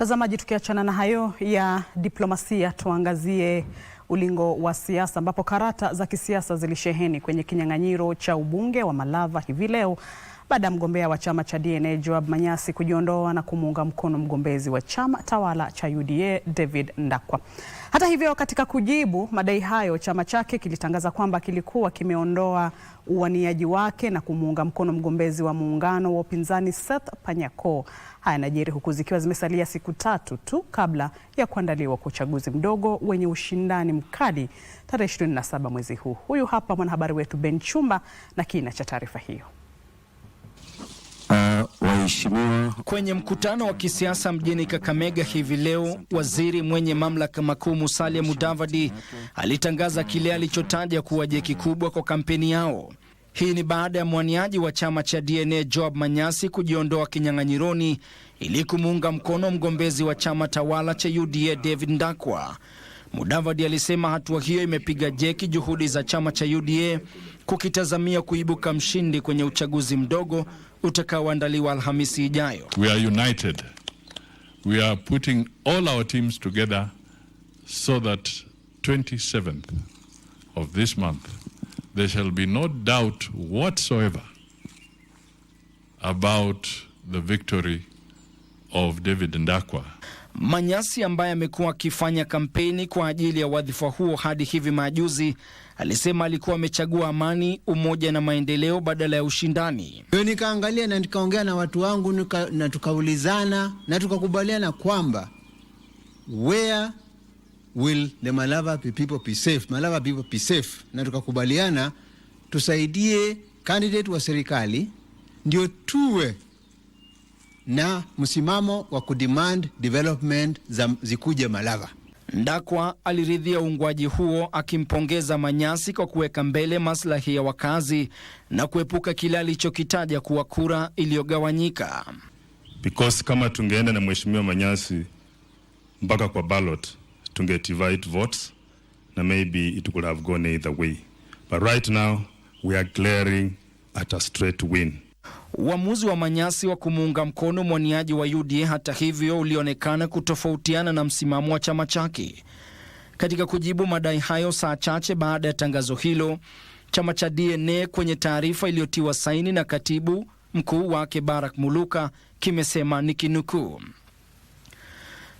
Mtazamaji, tukiachana na hayo ya diplomasia, tuangazie ulingo wa siasa ambapo karata za kisiasa zilisheheni kwenye kinyang'anyiro cha ubunge wa Malava hivi leo baada ya mgombea wa chama cha DNA Joab Manyasi kujiondoa na kumuunga mkono mgombezi wa chama tawala cha UDA David Ndakwa. Hata hivyo, katika kujibu madai hayo, chama chake kilitangaza kwamba kilikuwa kimeondoa uwaniaji wake na kumuunga mkono mgombezi wa muungano wa upinzani Seth Panyako. Haya yanajiri huku zikiwa zimesalia siku tatu tu kabla ya kuandaliwa kwa uchaguzi mdogo wenye ushindani mkali tarehe 27 mwezi huu. Huyu hapa mwanahabari wetu Ben Chumba na kina cha taarifa hiyo. Mheshimiwa. Kwenye mkutano wa kisiasa mjini Kakamega hivi leo, waziri mwenye mamlaka makuu Musalia Mudavadi alitangaza kile alichotaja kuwa jeki kubwa kwa kampeni yao. Hii ni baada ya mwaniaji wa chama cha DNA Job Manyasi kujiondoa kinyang'anyironi ili kumuunga mkono mgombezi wa chama tawala cha UDA David Ndakwa. Mudavadi alisema hatua hiyo imepiga jeki juhudi za chama cha UDA kukitazamia kuibuka mshindi kwenye uchaguzi mdogo utakaoandaliwa Alhamisi ijayo. We are united. We are putting all our teams together so that 27th of this month there shall be no doubt whatsoever about the victory of David Ndakwa. Manyasi ambaye amekuwa akifanya kampeni kwa ajili ya wadhifa huo hadi hivi majuzi alisema alikuwa amechagua amani, umoja na maendeleo badala ya ushindani. Yo, nikaangalia na nikaongea na watu wangu nika, na tukaulizana na tukakubaliana kwamba where will the Malava people be safe, Malava people be safe, na tukakubaliana tusaidie candidate wa serikali ndio tuwe na msimamo wa kudemand development za zikuje Malava. Ndakwa aliridhia uungwaji huo akimpongeza Manyasi kwa kuweka mbele maslahi ya wakazi na kuepuka kile alichokitaja kuwa kura iliyogawanyika. Because kama tungeenda na mheshimiwa Manyasi mpaka kwa ballot tunge divide votes na maybe it could have gone either way but right now we are glaring at a straight win. Uamuzi wa Manyasi wa kumuunga mkono mwaniaji wa UDA hata hivyo ulionekana kutofautiana na msimamo wa chama chake. Katika kujibu madai hayo, saa chache baada ya tangazo hilo, chama cha DNA kwenye taarifa iliyotiwa saini na katibu mkuu wake Barak Muluka kimesema nikinukuu,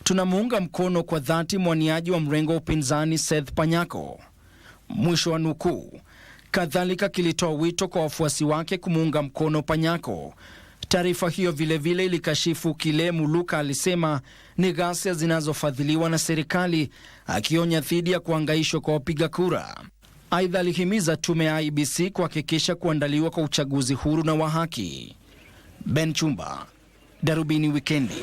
tunamuunga mkono kwa dhati mwaniaji wa mrengo wa upinzani Seth Panyako, mwisho wa nukuu. Kadhalika kilitoa wito kwa wafuasi wake kumuunga mkono Panyako. Taarifa hiyo vilevile ilikashifu kile Muluka alisema ni ghasia zinazofadhiliwa na serikali, akionya dhidi ya kuangaishwa kwa wapiga kura. Aidha, alihimiza tume ya IBC kuhakikisha kuandaliwa kwa uchaguzi huru na wa haki. Ben Chumba, Darubini Wikendi.